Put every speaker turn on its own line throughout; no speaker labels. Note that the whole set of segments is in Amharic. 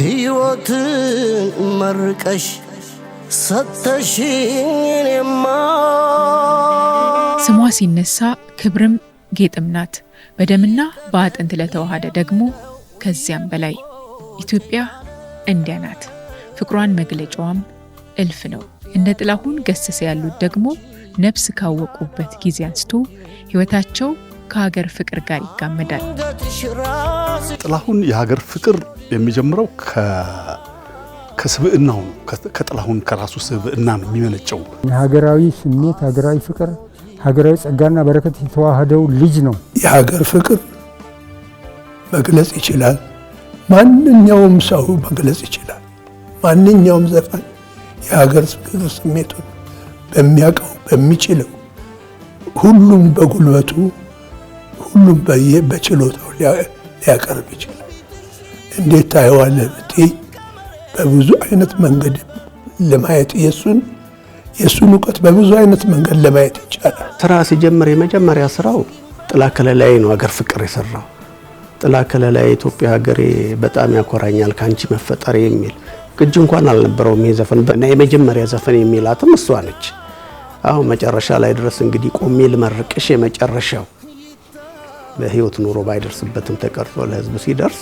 ሕይወትን መርቀሽ ሰተሽኝንማ። ስሟ ሲነሳ ክብርም ጌጥም ናት። በደምና በአጥንት ለተዋሃደ ደግሞ ከዚያም በላይ ኢትዮጵያ እንዲያ ናት። ፍቅሯን መግለጫዋም እልፍ ነው። እንደ ጥላሁን ገሰሰ ያሉት ደግሞ ነፍስ ካወቁበት ጊዜ አንስቶ ህይወታቸው ከሀገር ፍቅር ጋር ይጋመዳል።
ጥላሁን የሀገር ፍቅር የሚጀምረው ከስብዕናው ነው። ከጥላሁን ከራሱ ስብዕና ነው የሚመነጨው።
ሀገራዊ ስሜት፣ ሀገራዊ ፍቅር፣ ሀገራዊ ጸጋና በረከት የተዋህደው ልጅ ነው።
የሀገር ፍቅር መግለጽ ይችላል። ማንኛውም ሰው መግለጽ ይችላል። ማንኛውም ዘፋኝ የሀገር ፍቅር ስሜቱን በሚያውቀው በሚችለው ሁሉም በጉልበቱ ሁሉም በችሎታው ሊያቀርብ ይችላል። እንዴት ታየዋለህ ብትይ በብዙ አይነት መንገድ ለማየት የእሱን የእሱን እውቀት በብዙ አይነት መንገድ ለማየት ይቻላል።
ስራ ሲጀምር የመጀመሪያ ስራው ጥላ ከለላይ ነው። ሀገር ፍቅር የሰራው ጥላ ከለላይ ኢትዮጵያ ሀገሬ በጣም ያኮራኛል ከአንቺ መፈጠር የሚል ቅጅ እንኳን አልነበረውም ይሄ ዘፈን እና የመጀመሪያ ዘፈን የሚላትም እሷ ነች። አሁን መጨረሻ ላይ ድረስ እንግዲህ ቆሜ ልመርቅሽ የመጨረሻው በህይወት ኑሮ ባይደርስበትም ተቀርጾ ለህዝብ ሲደርስ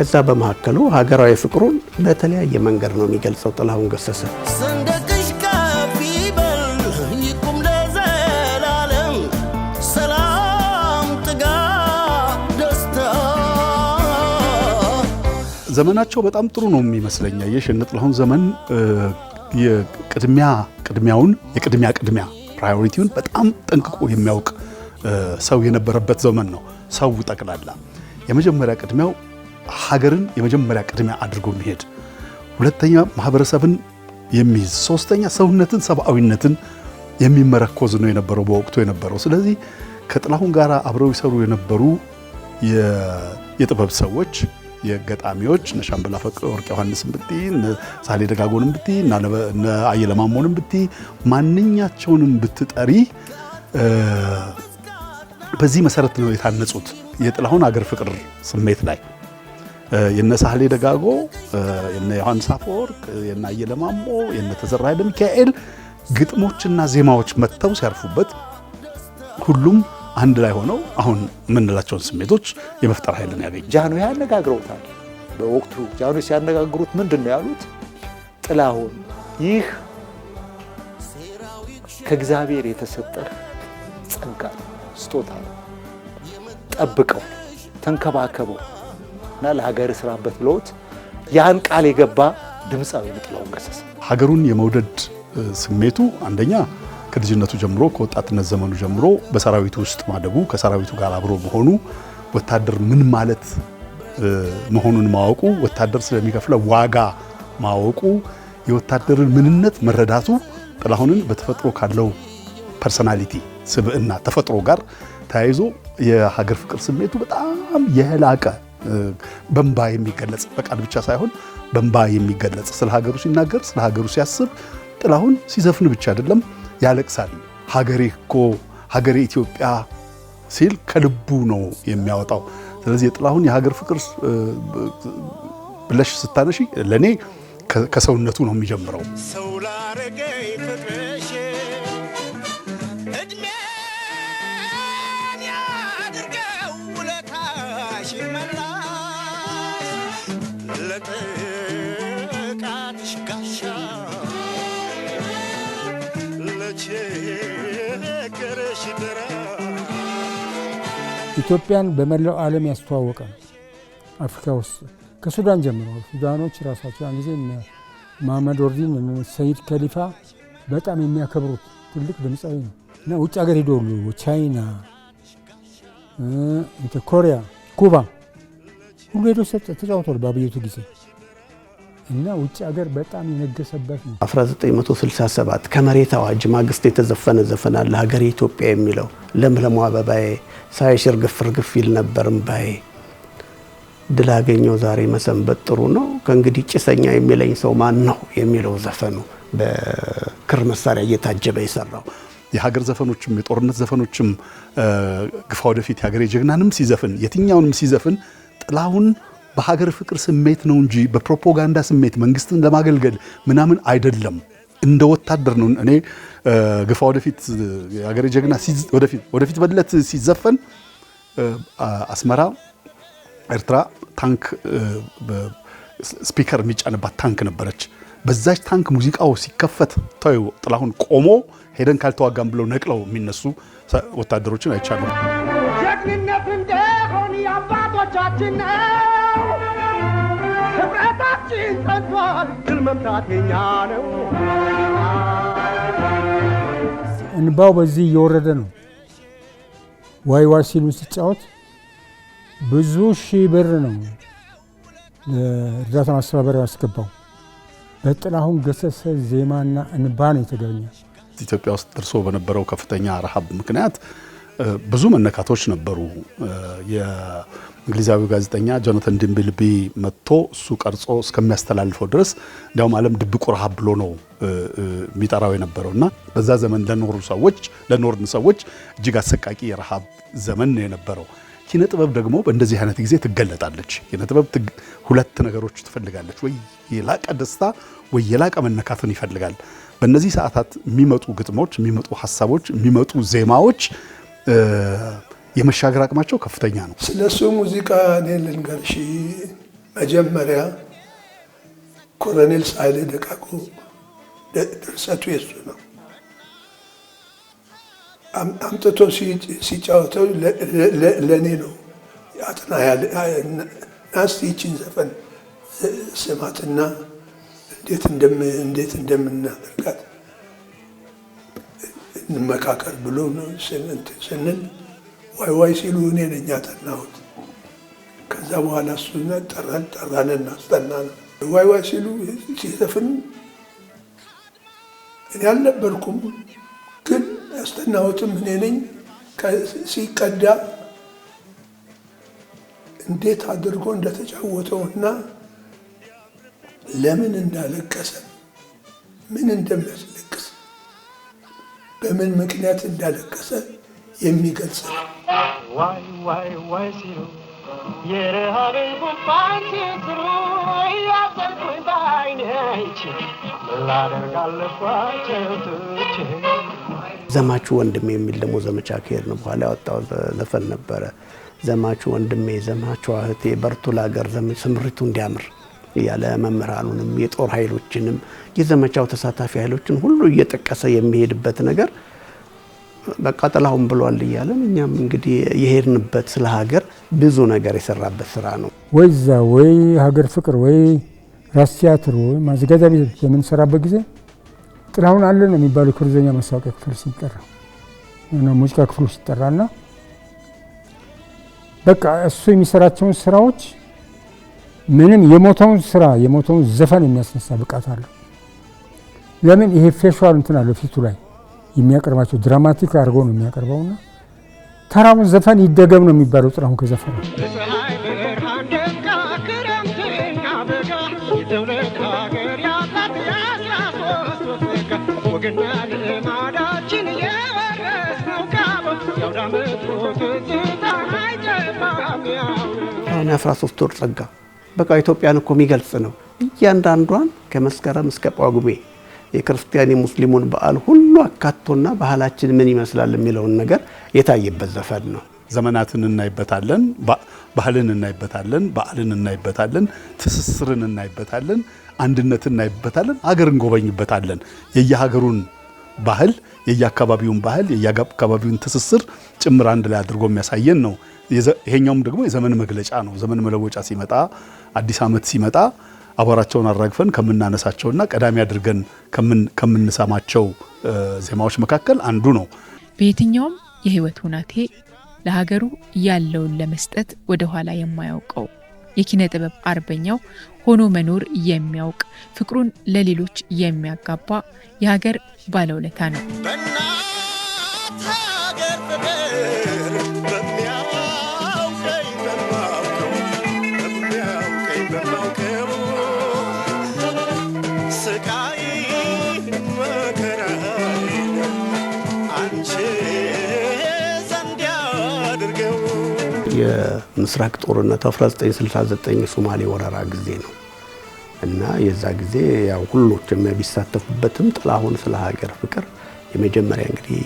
ከዛ በመካከሉ ሀገራዊ ፍቅሩን በተለያየ መንገድ ነው የሚገልጸው ጥላሁን ገሰሰ።
ዘመናቸው በጣም ጥሩ ነው የሚመስለኝ። አየሽ እነ ጥላሁን ዘመን የቅድሚያ ቅድሚያውን የቅድሚያ ቅድሚያ ፕራዮሪቲውን በጣም ጠንቅቆ የሚያውቅ ሰው የነበረበት ዘመን ነው። ሰው ጠቅላላ የመጀመሪያ ቅድሚያው ሀገርን የመጀመሪያ ቅድሚያ አድርጎ የሚሄድ ሁለተኛ ማህበረሰብን የሚይዝ ሶስተኛ ሰውነትን ሰብአዊነትን የሚመረኮዝ ነው የነበረው በወቅቱ የነበረው። ስለዚህ ከጥላሁን ጋር አብረው ይሰሩ የነበሩ የጥበብ ሰዎች የገጣሚዎች እነ ፈቅ ወርቅ ዮሐንስን ብቲ ሳሌ ደጋጎንም ብቲ እነ አየለ ብቲ ማንኛቸውንም ብትጠሪ በዚህ መሰረት ነው የታነጹት የጥላሁን አገር ፍቅር ስሜት ላይ የነ ሳህሌ ደጋጎ፣ የነ ዮሐንስ አፈወርቅ፣ የነ አየለ ማሞ፣ የነ ተዘራ ኃይለ ሚካኤል ግጥሞችና ዜማዎች መጥተው ሲያርፉበት ሁሉም አንድ ላይ ሆነው አሁን የምንላቸውን ስሜቶች የመፍጠር ኃይልን ያገኝ።
ጃኖ ያነጋግረውታል። በወቅቱ ጃኖ ሲያነጋግሩት ምንድን ነው ያሉት? ጥላሁን ይህ ከእግዚአብሔር የተሰጠህ ጸጋ ስጦታ ነው። ጠብቀው፣ ተንከባከበው እና ለሀገር ስራበት ብለውት ያን ቃል የገባ ድምፃዊ ጥላሁን ገሰሰ
ሀገሩን የመውደድ ስሜቱ አንደኛ ከልጅነቱ ጀምሮ ከወጣትነት ዘመኑ ጀምሮ በሰራዊቱ ውስጥ ማደጉ ከሰራዊቱ ጋር አብሮ መሆኑ ወታደር ምን ማለት መሆኑን ማወቁ ወታደር ስለሚከፍለው ዋጋ ማወቁ የወታደርን ምንነት መረዳቱ ጥላሁንን በተፈጥሮ ካለው ፐርሰናሊቲ ስብዕና ተፈጥሮ ጋር ተያይዞ የሀገር ፍቅር ስሜቱ በጣም የላቀ በምባ የሚገለጽ በቃል ብቻ ሳይሆን በምባ የሚገለጽ ስለ ሀገሩ ሲናገር ስለ ሀገሩ ሲያስብ ጥላሁን ሲዘፍን ብቻ አይደለም ያለቅሳል። ሀገሬ እኮ ሀገሬ ኢትዮጵያ ሲል ከልቡ ነው የሚያወጣው። ስለዚህ የጥላሁን የሀገር ፍቅር ብለሽ ስታነሺ ለእኔ ከሰውነቱ ነው የሚጀምረው።
ኢትዮጵያን በመላው ዓለም ያስተዋወቀ አፍሪካ ውስጥ ከሱዳን ጀምሮ ሱዳኖች ራሳቸው ያን ጊዜ መሐመድ ወርዲን ሰይድ ከሊፋ በጣም የሚያከብሩት ትልቅ ድምፃዊ ነው እና ውጭ ሀገር ሄዶ ሁሉ ቻይና፣ ኮሪያ፣ ኩባ ሁሉ ሄዶ ተጫውቷል በአብዮቱ ጊዜ እና ውጭ ሀገር በጣም የነገሰበት ነው።
1967 ከመሬት አዋጅ ማግስት የተዘፈነ ዘፈና ለሀገር ኢትዮጵያ የሚለው ለምለሙ አበባዬ ሳይሽር ግፍርግፍ ይል ነበርም ባዬ ድል አገኘው ዛሬ መሰንበት ጥሩ ነው ከእንግዲህ ጭሰኛ የሚለኝ ሰው ማን ነው የሚለው ዘፈኑ በክር መሳሪያ እየታጀበ የሰራው
የሀገር ዘፈኖችም የጦርነት ዘፈኖችም ግፋ ወደፊት የሀገር ጀግናንም ሲዘፍን የትኛውንም ሲዘፍን ጥላሁን በሀገር ፍቅር ስሜት ነው እንጂ በፕሮፓጋንዳ ስሜት መንግስትን ለማገልገል ምናምን አይደለም። እንደ ወታደር ነው። እኔ ግፋ ወደፊት የሀገሬ ጀግና ወደፊት በድለት ሲዘፈን አስመራ ኤርትራ ታንክ ስፒከር የሚጫንባት ታንክ ነበረች። በዛች ታንክ ሙዚቃው ሲከፈት ታዩ ጥላሁን ቆሞ ሄደን ካልተዋጋም ብለው ነቅለው የሚነሱ ወታደሮችን አይቻሉ። ጀግንነት እንደሆን የአባቶቻችን
ሀገራችን ጸንቷል፣ ድል መምታት የኛ ነው። እንባው በዚህ እየወረደ ነው። ዋይ ዋይ ሲሉ ሲጫወት ብዙ ሺህ ብር ነው እርዳታ ማስተባበሪያ ያስገባው። በጥላሁን ገሰሰ ዜማና እንባ ነው የተገኘ።
ኢትዮጵያ ውስጥ ደርሶ በነበረው ከፍተኛ ረሃብ ምክንያት ብዙ መነካቶች ነበሩ። የእንግሊዛዊ ጋዜጠኛ ጆናተን ድንብልቢ መጥቶ እሱ ቀርጾ እስከሚያስተላልፈው ድረስ እንዲያውም ዓለም ድብቁ ረሃብ ብሎ ነው የሚጠራው የነበረው እና በዛ ዘመን ለኖሩ ሰዎች ለኖርን ሰዎች እጅግ አሰቃቂ የረሃብ ዘመን ነው የነበረው። ኪነ ጥበብ ደግሞ በእንደዚህ አይነት ጊዜ ትገለጣለች። ኪነ ጥበብ ሁለት ነገሮች ትፈልጋለች፣ ወይ የላቀ ደስታ ወይ የላቀ መነካትን ይፈልጋል። በእነዚህ ሰዓታት የሚመጡ ግጥሞች፣ የሚመጡ ሀሳቦች፣ የሚመጡ ዜማዎች የመሻገር አቅማቸው ከፍተኛ ነው።
ስለሱ ሙዚቃ እኔ ልንገርሽ። መጀመሪያ ኮሎኔል ሳህሌ ደቃቁ ድርሰቱ የሱ ነው። አምጥቶ ሲጫወተው ለእኔ ነው አጥና ናስቲ ይችን ዘፈን ስማትና እንዴት እንደምናደርጋት እንመካከር ብሎ ስንል ዋይ ዋይ ሲሉ እኔ ነኝ ያጠናሁት። ከዛ በኋላ እሱ ጠራን ጠራንና አስጠና ነው። ዋይ ዋይ ሲሉ ሲዘፍን እኔ አልነበርኩም፣ ግን ያስጠናሁትም እኔ ነኝ። ሲቀዳ እንዴት አድርጎ እንደተጫወተው እና ለምን እንዳለቀሰ ምን እንደሚያስለቀ በምን ምክንያት እንዳለቀሰ የሚገልጽ ነው።
ዘማቹ ወንድሜ የሚል ደግሞ ዘመቻ ነው በኋላ ያወጣው ዘፈን ነበረ። ዘማቹ ወንድሜ፣ ዘማቹ እህቴ፣ በርቱ ላገር ስምሪቱ እንዲያምር እያለ መምህራኑንም የጦር ኃይሎችንም የዘመቻው ተሳታፊ ኃይሎችን ሁሉ እየጠቀሰ የሚሄድበት ነገር በቃ ጥላሁን ብሏል እያለን እኛም እንግዲህ የሄድንበት ስለ ሀገር ብዙ ነገር የሰራበት ስራ ነው።
ወይ እዛ ወይ ሀገር ፍቅር ወይ ራስ ቲያትር ወይ ማዘጋጃ ቤት የምንሰራበት ጊዜ ጥላሁን አለ ነው የሚባለው ክርዘኛ ማስታወቂያ ክፍል ሲጠራ ሙዚቃ ክፍሉ ሲጠራ እና በቃ እሱ የሚሰራቸውን ስራዎች ምንም የሞተውን ስራ የሞተውን ዘፈን የሚያስነሳ ብቃት አለው። ለምን ይሄ ፌሽዋል እንትን አለው ፊቱ ላይ የሚያቀርባቸው ድራማቲክ አድርጎ ነው የሚያቀርበውና ተራውን ዘፈን ይደገም ነው የሚባለው። ጥራሁን ከዘፈኑ
አሁን የአስራ ሶስት ወር ጸጋ በቃ ኢትዮጵያን እኮ የሚገልጽ ነው። እያንዳንዷን ከመስከረም እስከ ጳጉሜ የክርስቲያን የሙስሊሙን በዓል ሁሉ አካቶና ባህላችን ምን ይመስላል የሚለውን ነገር የታየበት ዘፈን ነው።
ዘመናትን እናይበታለን፣ ባህልን እናይበታለን፣ በዓልን እናይበታለን፣ ትስስርን እናይበታለን፣ አንድነትን እናይበታለን፣ አገር እንጎበኝበታለን። የየሀገሩን ባህል የየአካባቢውን ባህል የየአካባቢውን ትስስር ጭምር አንድ ላይ አድርጎ የሚያሳየን ነው። ይሄኛውም ደግሞ የዘመን መግለጫ ነው። ዘመን መለወጫ ሲመጣ አዲስ ዓመት ሲመጣ አቧራቸውን አራግፈን ከምናነሳቸውና ቀዳሚ አድርገን ከምንሰማቸው ዜማዎች መካከል አንዱ ነው።
በየትኛውም የህይወት ሁናቴ ለሀገሩ ያለውን ለመስጠት ወደኋላ የማያውቀው የኪነ ጥበብ አርበኛው ሆኖ መኖር የሚያውቅ ፍቅሩን ለሌሎች የሚያጋባ የሀገር ባለውለታ ነው።
የምስራቅ ጦርነት 1969 ሶማሌ ወረራ ጊዜ ነው እና የዛ ጊዜ ያው ሁሎችም ቢሳተፉበትም ጥላሁን ስለ ሀገር ፍቅር የመጀመሪያ እንግዲህ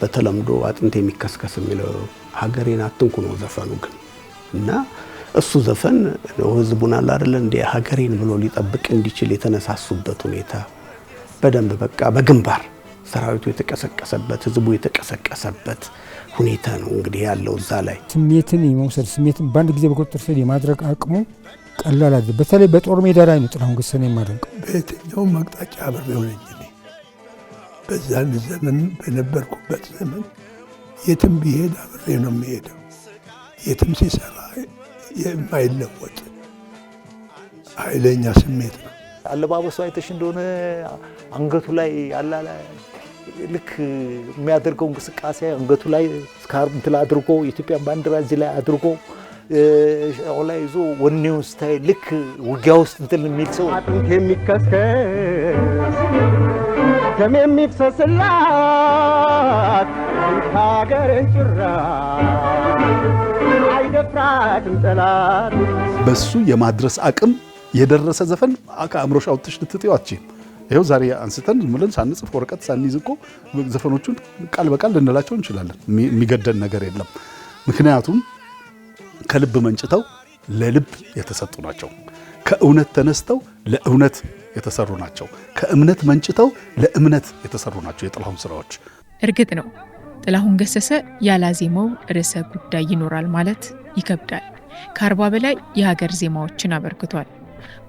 በተለምዶ አጥንት የሚከስከስ የሚለው ሀገሬን አትንኩ ነው ዘፈኑ ግን እና እሱ ዘፈን ህዝቡን አለ አይደለ እንደ ሀገሬን ብሎ ሊጠብቅ እንዲችል የተነሳሱበት ሁኔታ በደንብ በቃ በግንባር ሰራዊቱ የተቀሰቀሰበት ህዝቡ የተቀሰቀሰበት ሁኔታ ነው እንግዲህ ያለው። እዛ ላይ
ስሜትን የመውሰድ ስሜትን በአንድ ጊዜ በቁጥጥር ስር የማድረግ አቅሙ ቀላል አለ። በተለይ በጦር ሜዳ ላይ ነው ጥላሁን ገሰሰን የማደንቀው።
በየትኛውም አቅጣጫ አብሬ ሆነኝ በዛን ዘመን በነበርኩበት ዘመን የትም ቢሄድ አብሬ ነው የሚሄደው። የትም ሲሰራ የማይለወጥ ኃይለኛ ስሜት ነው።
አለባበሱ አይተሽ እንደሆነ አንገቱ ላይ አላላ ልክ የሚያደርገው እንቅስቃሴ አንገቱ ላይ ስካርፕ አድርጎ የኢትዮጵያን ባንዲራ እዚህ ላይ አድርጎ ላይ ይዞ ወኔው ስታይ ልክ ውጊያ ውስጥ እንትን የሚል ሰው አጥንት የሚከስከስ ደም የሚፈስላት
ሀገርን ጭራ አይደፍራትም ጠላት። በሱ የማድረስ አቅም የደረሰ ዘፈን ከአእምሮሽ አውጥተሽ ልትጥዪው አትችይም። ይኸው ዛሬ አንስተን ዝም ብለን ሳንጽፍ ወረቀት ሳንይዝ እኮ ዘፈኖቹን ቃል በቃል ልንላቸው እንችላለን። የሚገደን ነገር የለም። ምክንያቱም ከልብ መንጭተው ለልብ የተሰጡ ናቸው። ከእውነት ተነስተው ለእውነት የተሰሩ ናቸው። ከእምነት መንጭተው ለእምነት የተሰሩ ናቸው የጥላሁን ስራዎች።
እርግጥ ነው ጥላሁን ገሰሰ ያላዜመው ርዕሰ ጉዳይ ይኖራል ማለት ይከብዳል። ከአርባ በላይ የሀገር ዜማዎችን አበርክቷል።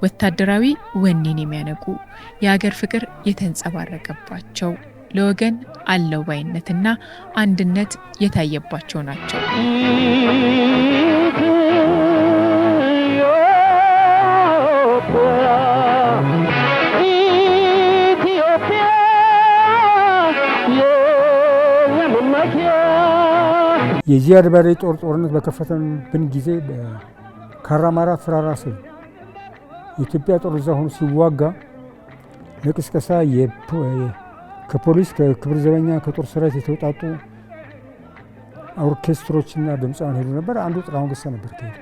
ወታደራዊ ወኔን የሚያነቁ የሀገር ፍቅር የተንጸባረቀባቸው ለወገን አለው ባይነትና አንድነት የታየባቸው ናቸው።
የዚያድ ባሬ ጦር ጦርነት በከፈተብን ጊዜ ከራማራ ፍራራስን የኢትዮጵያ ጦር እዛ ሆኖ ሲዋጋ ለቅስቀሳ ከፖሊስ ከክብር ዘበኛ ከጦር ሰራዊት የተውጣጡ ኦርኬስትሮችና ድምፃን ሄዱ ነበር። አንዱ ጥላሁን ገሰሰ ነበር። ከሄዱ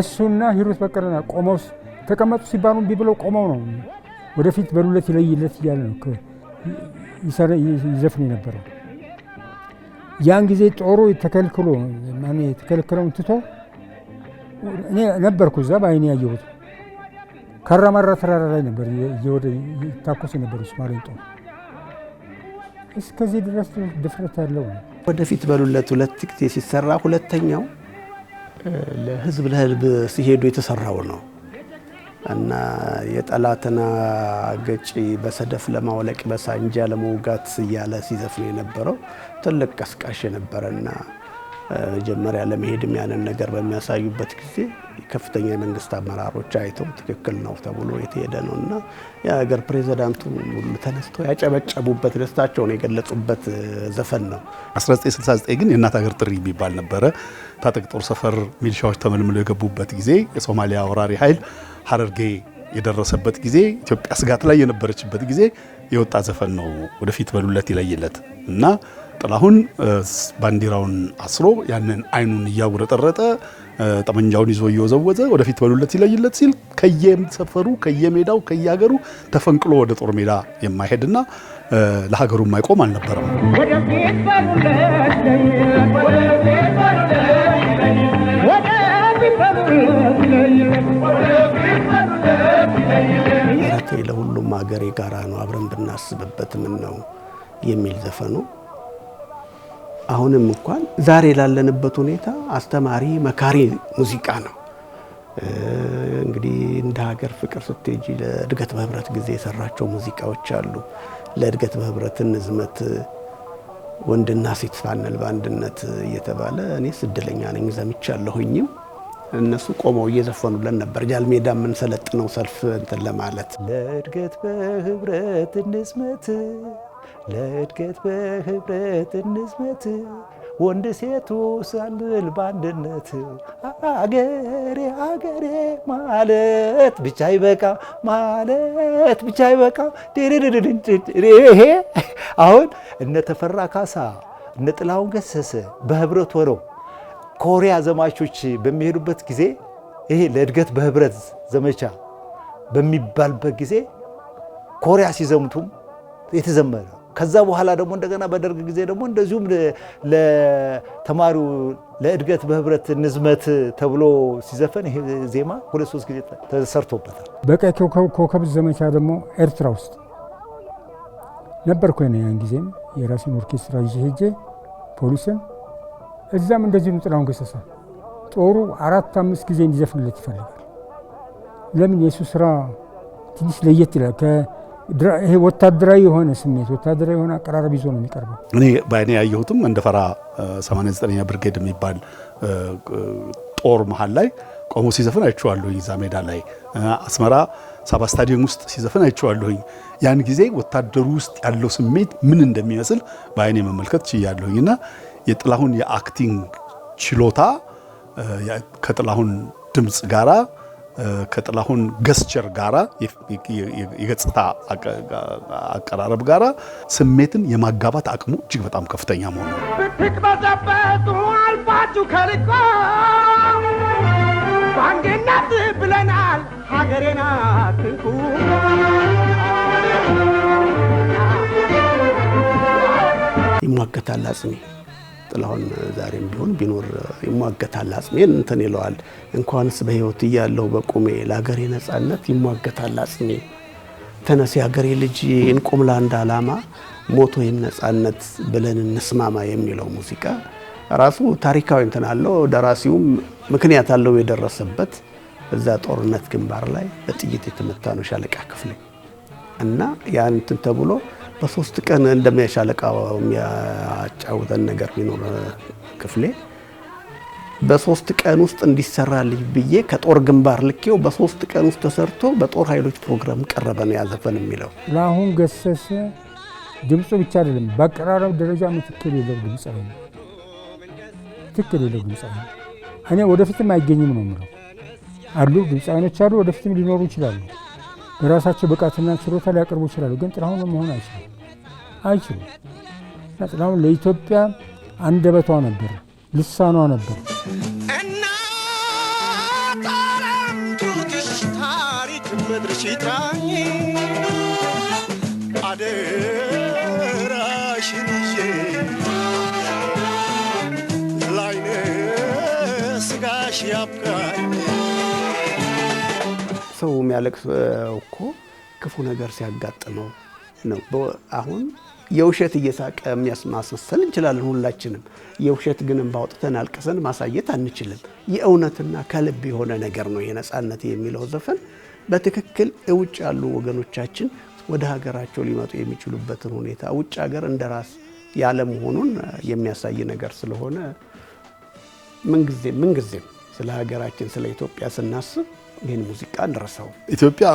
እሱና ሂሩት በቀለና ቆመው ተቀመጡ ሲባሉ እምቢ ብለው ቆመው ነው ወደፊት በሉለት ይለይለት እያለ ነው ይዘፍን የነበረው። ያን ጊዜ ጦሩ ተከልክሎ የተከለከለውን ትቶ እኔ ነበርኩ እዛ በአይኔ ያየሁት። ከረመራ ተራራ ላይ ነበር እየወደ ታኮስ ነበር ስማሌን እስከዚህ ድረስ ድፍረት ያለው ነው።
ወደፊት በሉለት ሁለት ጊዜ ሲሰራ ሁለተኛው ለህዝብ ለህዝብ ሲሄዱ የተሰራው ነው እና የጠላትን ገጭ በሰደፍ ለማውለቅ በሳንጃ ለመውጋት እያለ ሲዘፍን የነበረው ትልቅ ቀስቃሽ የነበረና መጀመሪያ ለመሄድም ያንን ነገር በሚያሳዩበት ጊዜ ከፍተኛ የመንግስት አመራሮች አይተው ትክክል ነው ተብሎ የተሄደ ነው እና የሀገር ፕሬዚዳንቱ ሁሉ ተነስተው ያጨበጨቡበት ደስታቸውን የገለጹበት ዘፈን ነው።
1969 ግን የእናት ሀገር ጥሪ የሚባል ነበረ። ታጠቅ ጦር ሰፈር ሚሊሻዎች ተመልምለው የገቡበት ጊዜ የሶማሊያ ወራሪ ኃይል ሀረርጌ የደረሰበት ጊዜ ኢትዮጵያ ስጋት ላይ የነበረችበት ጊዜ የወጣ ዘፈን ነው። ወደፊት በሉለት ይለይለት እና ጥላሁን ባንዲራውን አስሮ ያንን አይኑን እያጉረጠረጠ ጠመንጃውን ይዞ እየወዘወዘ ወደፊት በሉለት ይለይለት ሲል ከየሰፈሩ ከየሜዳው ከየሀገሩ ተፈንቅሎ ወደ ጦር ሜዳ የማይሄድና ለሀገሩ የማይቆም አልነበረም።
ለሁሉም ሀገር የጋራ ነው አብረን ምን ነው የሚል ዘፈኑ አሁንም እንኳን ዛሬ ላለንበት ሁኔታ አስተማሪ መካሪ ሙዚቃ ነው። እንግዲህ እንደ ሀገር ፍቅር ስትጂ ለእድገት በህብረት ጊዜ የሰራቸው ሙዚቃዎች አሉ። ለእድገት በህብረትን ህዝመት ወንድና ሴት ፋነል በአንድነት እየተባለ እኔ እድለኛ ነኝ ዘምቻለሁኝም። እነሱ ቆመው እየዘፈኑለን ነበር። ሜዳ የምንሰለጥነው ሰልፍ እንትን ለማለት ለእድገት በህብረት ንዝመት ለእድገት በህብረት እንዝመት፣ ወንድ ሴቱ ሳንል በአንድነት አገሬ አገሬ ማለት ብቻ ይበቃ ማለት ብቻ ይበቃ። ይሄ አሁን እነ ተፈራ ካሳ እነ ጥላሁን ገሰሰ በህብረት ሆነው ኮሪያ ዘማቾች በሚሄዱበት ጊዜ ይሄ ለእድገት በህብረት ዘመቻ በሚባልበት ጊዜ ኮሪያ ሲዘምቱም የተዘመረ ከዛ በኋላ ደግሞ እንደገና በደርግ ጊዜ ደግሞ እንደዚሁም ለተማሪው ለእድገት በህብረት ንዝመት ተብሎ ሲዘፈን ይሄ ዜማ ሁለት ሶስት ጊዜ ተሰርቶበታል።
በቀይ ኮከብ ዘመቻ ደግሞ ኤርትራ ውስጥ ነበርኩ። ያን ጊዜም የራሴን ኦርኬስትራ ይዤ ሄጄ ፖሊስን እዛም እንደዚሁም ጥላሁን ገሰሰ ጦሩ አራት አምስት ጊዜ እንዲዘፍንለት ይፈልጋል። ለምን የእሱ ስራ ትንሽ ለየት ይላል። ይሄ ወታደራዊ የሆነ ስሜት ወታደራዊ የሆነ አቀራረብ ይዞ ነው የሚቀርበው።
እኔ በአይኔ ያየሁትም እንደ ፈራ 89ኛ ብርጌድ የሚባል ጦር መሀል ላይ ቆሞ ሲዘፍን አይቼዋለሁኝ። እዛ ሜዳ ላይ አስመራ ሰባ ስታዲየም ውስጥ ሲዘፍን አይቼዋለሁኝ። ያን ጊዜ ወታደሩ ውስጥ ያለው ስሜት ምን እንደሚመስል በአይኔ መመልከት ችያለሁኝ እና የጥላሁን የአክቲንግ ችሎታ ከጥላሁን ድምፅ ጋራ ከጥላሁን ገስቸር ጋራ የገጽታ አቀራረብ ጋራ ስሜትን የማጋባት አቅሙ እጅግ በጣም ከፍተኛ መሆኑ አልፋችሁ ከልቆ ብለናል
ሀገሬና ትንኩ ይሟገታል አጽሜ ጥላሁን ዛሬም ቢሆን ቢኖር ይሟገታል። አጽሜን እንትን ይለዋል። እንኳንስ በህይወት እያለሁ በቁሜ ለሀገሬ ነጻነት ይሟገታል አጽሜ። ተነስ የሀገሬ ልጅ እንቁም ለአንድ አላማ ሞት ወይም ነጻነት ብለን እንስማማ የሚለው ሙዚቃ ራሱ ታሪካዊ እንትን አለው። ደራሲውም ምክንያት አለው የደረሰበት እዛ ጦርነት ግንባር ላይ በጥይት የተመታ ነው ሻለቃ ክፍሌ እና ያን እንትን ተብሎ በሶስት ቀን እንደሚያሻለቃ የሚያጫውተን ነገር ቢኖር ክፍሌ በሶስት ቀን ውስጥ እንዲሰራልኝ ብዬ ከጦር ግንባር ልኬው በሶስት ቀን ውስጥ ተሰርቶ በጦር ኃይሎች ፕሮግራም ቀረበ ነው ያዘፈን የሚለው
ለአሁን ገሰሰ ድምፁ ብቻ አይደለም፣ በአቀራረብ ደረጃ ትክክል የለው ድምፅ ትክክል የለው ድምፅ እኔ ወደፊትም አይገኝም ነው የምለው። አሉ ድምፅ አይኖች አሉ፣ ወደፊትም ሊኖሩ ይችላሉ። በራሳቸው ብቃትና ችሎታ ሊያቀርቡ ይችላሉ፣ ግን ጥላሁን መሆን አይችልም። አይችሉም። አጽናሙ ለኢትዮጵያ አንደበቷ ነበር፣ ልሳኗ ነበር።
ሰው የሚያለቅሰው እኮ ክፉ ነገር ሲያጋጥመው ነው። አሁን የውሸት እየሳቀ የሚያስማስመሰል እንችላለን ሁላችንም። የውሸት ግን ባውጥተን አውጥተን አልቅሰን ማሳየት አንችልም። የእውነትና ከልብ የሆነ ነገር ነው የነፃነት የሚለው ዘፈን በትክክል ውጭ ያሉ ወገኖቻችን ወደ ሀገራቸው ሊመጡ የሚችሉበትን ሁኔታ ውጭ ሀገር እንደ ራስ መሆኑን የሚያሳይ ነገር ስለሆነ ምንጊዜም ምንጊዜም ስለ ሀገራችን ስለ ኢትዮጵያ ስናስብ ይህን ሙዚቃ እንረሳው።
ኢትዮጵያ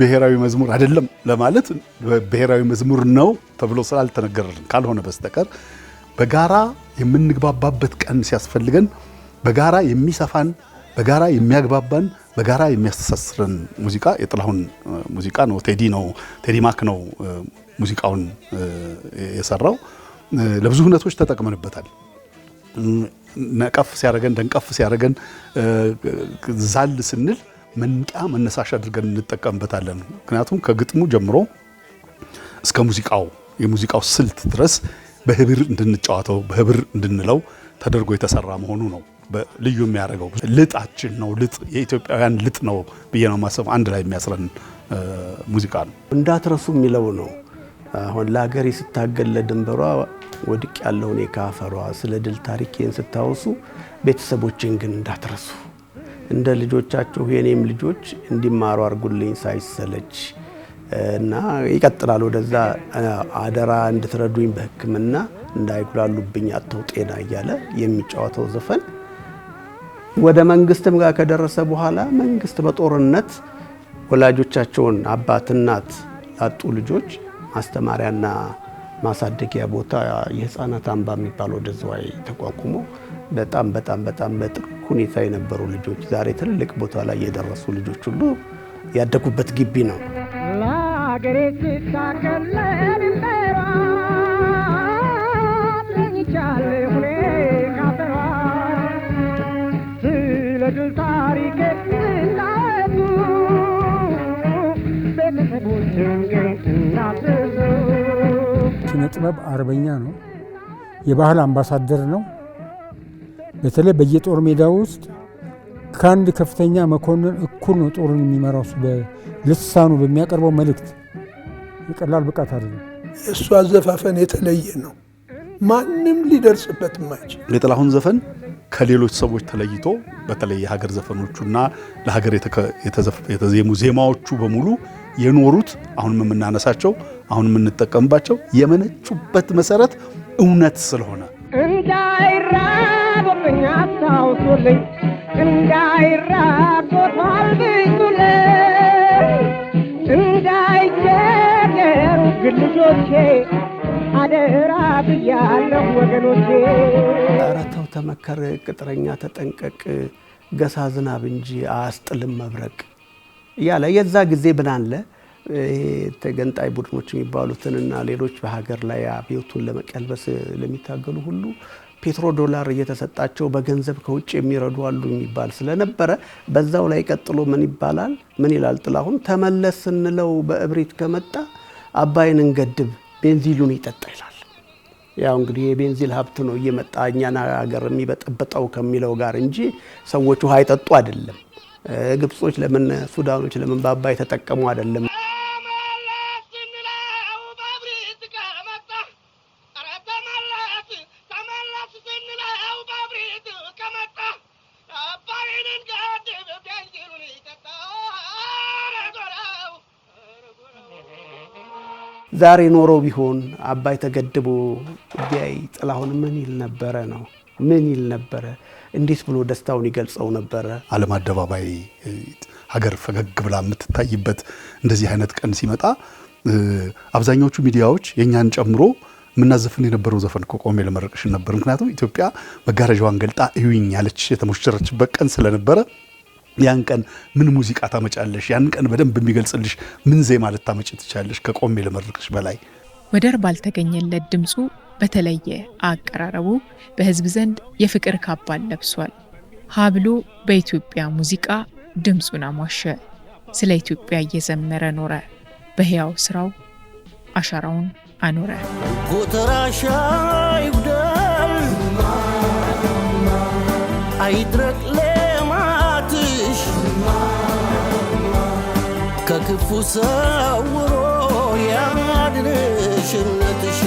ብሔራዊ መዝሙር አይደለም ለማለት ብሔራዊ መዝሙር ነው ተብሎ ስላልተነገረልን ካልሆነ በስተቀር በጋራ የምንግባባበት ቀን ሲያስፈልገን በጋራ የሚሰፋን በጋራ የሚያግባባን በጋራ የሚያስተሳስረን ሙዚቃ የጥላሁን ሙዚቃ ነው። ቴዲ ነው ቴዲ ማክ ነው ሙዚቃውን የሰራው። ለብዙ ሁነቶች ተጠቅመንበታል። ነቀፍ ሲያደርገን ደንቀፍ ሲያደርገን ዛል ስንል መንቂያ መነሳሻ አድርገን እንጠቀምበታለን። ምክንያቱም ከግጥሙ ጀምሮ እስከ ሙዚቃው የሙዚቃው ስልት ድረስ በህብር እንድንጫወተው በህብር እንድንለው ተደርጎ የተሰራ መሆኑ ነው ልዩ የሚያደርገው። ልጣችን ነው ልጥ የኢትዮጵያውያን ልጥ ነው ብዬ ነው ማሰብ። አንድ ላይ የሚያስረን ሙዚቃ ነው።
እንዳትረሱ የሚለው ነው አሁን ለሀገሬ ስታገል ለድንበሯ ወድቅ ያለው እኔ ካፈሯ ስለ ድል ታሪኬን ስታወሱ ቤተሰቦችን ግን እንዳትረሱ እንደ ልጆቻችሁ የኔም ልጆች እንዲማሩ አርጉልኝ ሳይሰለች እና ይቀጥላል። ወደዛ አደራ እንድትረዱኝ በሕክምና እንዳይጉላሉብኝ አተው ጤና እያለ የሚጫወተው ዘፈን ወደ መንግስትም ጋር ከደረሰ በኋላ መንግስት በጦርነት ወላጆቻቸውን አባት እናት ላጡ ልጆች ማስተማሪያና ማሳደጊያ ቦታ የህፃናት አምባ የሚባል ወደ ዝዋይ ተቋቁሞ በጣም በጣም በጣም በጥሩ ሁኔታ የነበሩ ልጆች ዛሬ ትልልቅ ቦታ ላይ የደረሱ ልጆች ሁሉ ያደጉበት ግቢ ነው።
ታሪክ የኪነ ጥበብ አርበኛ ነው። የባህል አምባሳደር ነው። በተለይ በየጦር ሜዳ ውስጥ ከአንድ ከፍተኛ መኮንን እኩል ነው ጦሩን የሚመራው። እሱ በልሳኑ በሚያቀርበው መልእክት የቀላል ብቃት አይደለም።
እሱ አዘፋፈን የተለየ ነው። ማንም ሊደርስበት የማይችል
የጥላሁን ዘፈን ከሌሎች ሰዎች ተለይቶ በተለይ የሀገር ዘፈኖቹና ለሀገር የተዜሙ ዜማዎቹ በሙሉ የኖሩት አሁንም የምናነሳቸው አሁን የምንጠቀምባቸው የመነጩበት መሰረት እውነት ስለሆነ እንዳይራብብኝ አስታውሱልኝ፣ እንዳይራቦታል
እንዳይቸገሩ ግን ልጆቼ አደራ ብያለሁ ወገኖቼ። ኧረ ተው ተመከር፣ ቅጥረኛ ተጠንቀቅ፣ ገሳ ዝናብ እንጂ አያስጥልም መብረቅ እያለ የዛ ጊዜ ብናለ ተገንጣይ ቡድኖች የሚባሉትንና ሌሎች በሀገር ላይ አብዮቱን ለመቀልበስ ለሚታገሉ ሁሉ ፔትሮ ዶላር እየተሰጣቸው በገንዘብ ከውጭ የሚረዱ አሉ የሚባል ስለነበረ በዛው ላይ ቀጥሎ ምን ይባላል? ምን ይላል ጥላሁን? ተመለስ ስንለው በእብሪት ከመጣ አባይን እንገድብ ቤንዚሉን ይጠጣ ይላል። ያው እንግዲህ የቤንዚል ሀብት ነው እየመጣ እኛን ሀገር የሚበጠበጠው ከሚለው ጋር እንጂ ሰዎች ውሃ አይጠጡ አይደለም። ግብጾች ለምን ሱዳኖች ለምን በአባይ ተጠቀሙ አይደለም። ዛሬ ኖሮ ቢሆን አባይ ተገድቦ ቢያይ ጥላሁን ምን ይል ነበረ ነው ምን ይል ነበረ? እንዴት ብሎ ደስታውን ይገልጸው ነበረ? ዓለም አደባባይ ሀገር ፈገግ ብላ የምትታይበት እንደዚህ አይነት ቀን ሲመጣ አብዛኛዎቹ ሚዲያዎች የእኛን ጨምሮ የምናዘፍን የነበረው ዘፈን እኮ ቆሜ ነበር። ምክንያቱም ኢትዮጵያ መጋረጃዋን ገልጣ እዩኝ ያለች የተሞሸረችበት ቀን ስለነበረ ያን ቀን ምን ሙዚቃ ታመጫለሽ? ያን ቀን በደንብ የሚገልጽልሽ ምን ዜማ ልታመጭ ትቻለሽ? ከቆሜ ልመርቅሽ በላይ
ወደር ባልተገኘለት ድምፁ በተለየ አቀራረቡ በህዝብ ዘንድ የፍቅር ካባን ለብሷል። ሀብሎ በኢትዮጵያ ሙዚቃ ድምፁን አሟሸ። ስለ ኢትዮጵያ እየዘመረ ኖረ። በሕያው ስራው አሻራውን አኖረ። ጎተራሻ ይጉደል አይድረቅ ከክፉ ሰውሮ ያድነሽ እምነትሽ